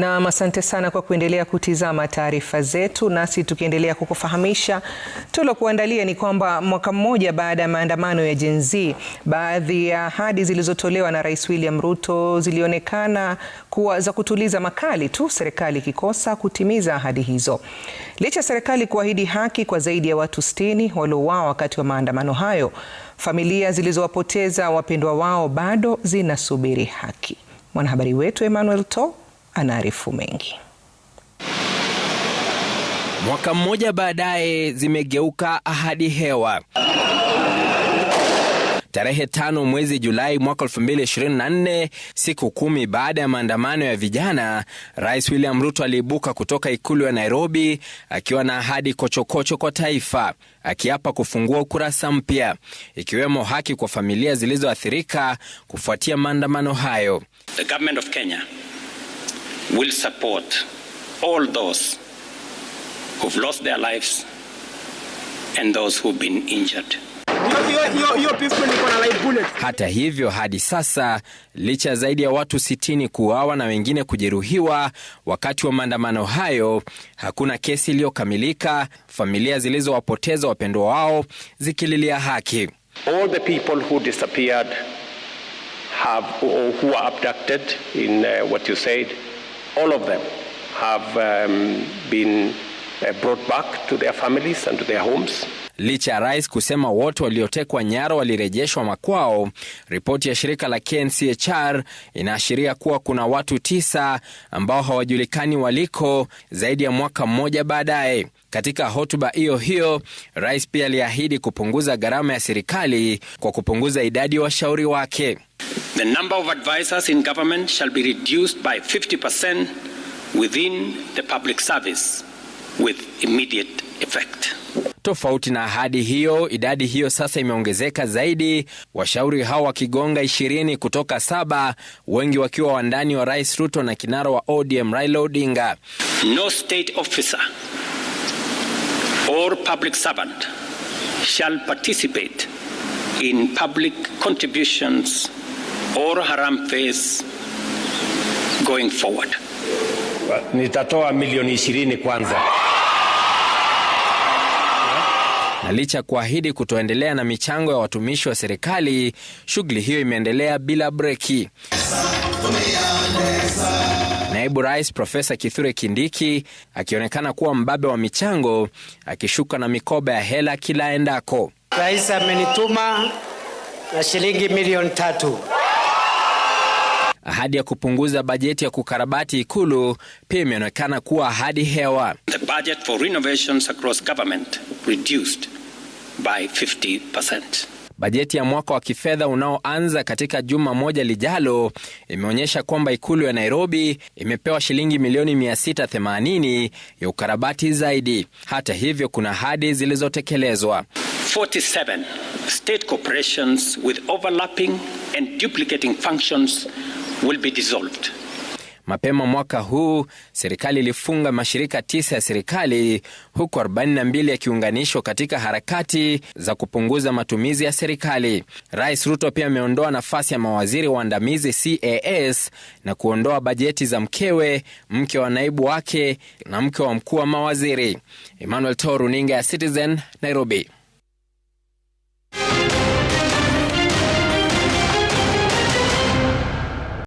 Nam, asante sana kwa kuendelea kutizama taarifa zetu, nasi tukiendelea kukufahamisha tulokuandalia ni kwamba mwaka mmoja baada ya maandamano ya Gen Z, baadhi ya ahadi zilizotolewa na Rais William Ruto zilionekana kuwa za kutuliza makali tu, serikali ikikosa kutimiza ahadi hizo. Licha ya serikali kuahidi haki kwa zaidi ya watu s waliouawa wakati wa maandamano hayo, familia zilizowapoteza wapendwa wao bado zinasubiri haki. Mwanahabari wetu Emmanuel To anaarifu mengi. Mwaka mmoja baadaye zimegeuka ahadi hewa. Tarehe tano mwezi Julai mwaka 2024, siku kumi baada ya maandamano ya vijana, Rais William Ruto aliibuka kutoka ikulu ya Nairobi akiwa na ahadi kochokocho kwa taifa, akiapa kufungua ukurasa mpya, ikiwemo haki kwa familia zilizoathirika kufuatia maandamano hayo. The government of Kenya will support all those who've lost their lives and those who've been injured. Hata hivyo hadi sasa, licha ya zaidi ya watu 60 kuuawa na wengine kujeruhiwa wakati wa maandamano hayo, hakuna kesi iliyokamilika, familia zilizowapoteza wapendwa wao zikililia haki. All the people who disappeared have, or who were abducted in uh, what you said all of them have um, been uh, brought back to their families and to their homes. Licha ya rais kusema wote waliotekwa nyara walirejeshwa makwao, ripoti ya shirika la KNCHR inaashiria kuwa kuna watu tisa ambao hawajulikani waliko zaidi ya mwaka mmoja baadaye. Katika hotuba hiyo hiyo, rais pia aliahidi kupunguza gharama ya serikali kwa kupunguza idadi ya wa washauri wake. The number of in government shall be reduced by 50% within the public service with immediate effect. Tofauti na ahadi hiyo, idadi hiyo sasa imeongezeka zaidi, washauri hao wakigonga ishirini kutoka saba, wengi wakiwa wandani wa Rais Ruto na kinara wa ODM Raila Odinga. No state officer or public servant shall participate in public contributions or going forward. Nitatoa milioni ishirini kwanza na licha kuahidi kutoendelea na michango ya watumishi wa serikali, shughuli hiyo imeendelea bila breki. Naibu Rais Profesa Kithure Kindiki akionekana kuwa mbabe wa michango, akishuka na mikoba ya hela kila endako. Rais amenituma na shilingi milioni tatu. Ahadi ya kupunguza bajeti ya kukarabati Ikulu pia imeonekana kuwa ahadi hewa the budget for renovations across government reduced by 50%. Bajeti ya mwaka wa kifedha unaoanza katika juma moja lijalo imeonyesha kwamba ikulu ya Nairobi imepewa shilingi milioni 680 ya ukarabati zaidi. Hata hivyo, kuna ahadi zilizotekelezwa. 47 state corporations with overlapping and duplicating functions will be dissolved. Mapema mwaka huu serikali ilifunga mashirika tisa ya serikali huku 42 yakiunganishwa katika harakati za kupunguza matumizi ya serikali. Rais Ruto pia ameondoa nafasi ya mawaziri waandamizi CAS na kuondoa bajeti za mkewe, mke wa naibu wake na mke wa mkuu wa mawaziri. Emmanuel runinga ya Citizen, Nairobi.